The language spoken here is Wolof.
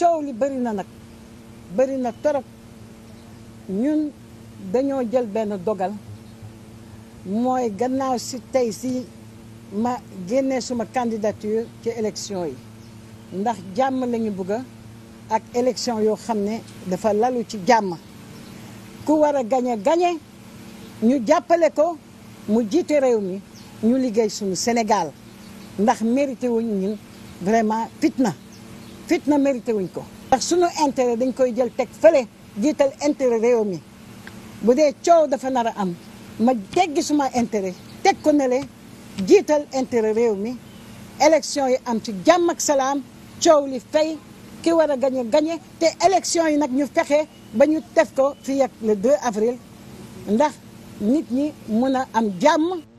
coow li bëri na nag bëri na torop ñun dañoo jël benn dogal mooy gannaaw si tey si ma génnee suma candidature ci élection yi ndax jàmm la ñu ak élection yoo xam ne dafa lalu ci jàmm ku war a gañe gañe ñu jàppale ko mu jiite réew mi ñu liggéey suñu Sénégal ndax mérité wuñ ñun vraiment fitna fitna mérité wuñ ko ndax sunu intérêt dañ koy jël teg fële jiital intérêt réew mi bu dee coow dafa nar a am ma teggi suma intérêt teg ko ne jiital intérêt réew mi élection yi am ci jàmm ak salaam coow li fay ki war a gañe gañe te élection yi nag ñu fexe ba ñu def ko fii ak le avril ndax nit ñi mun a am jàmm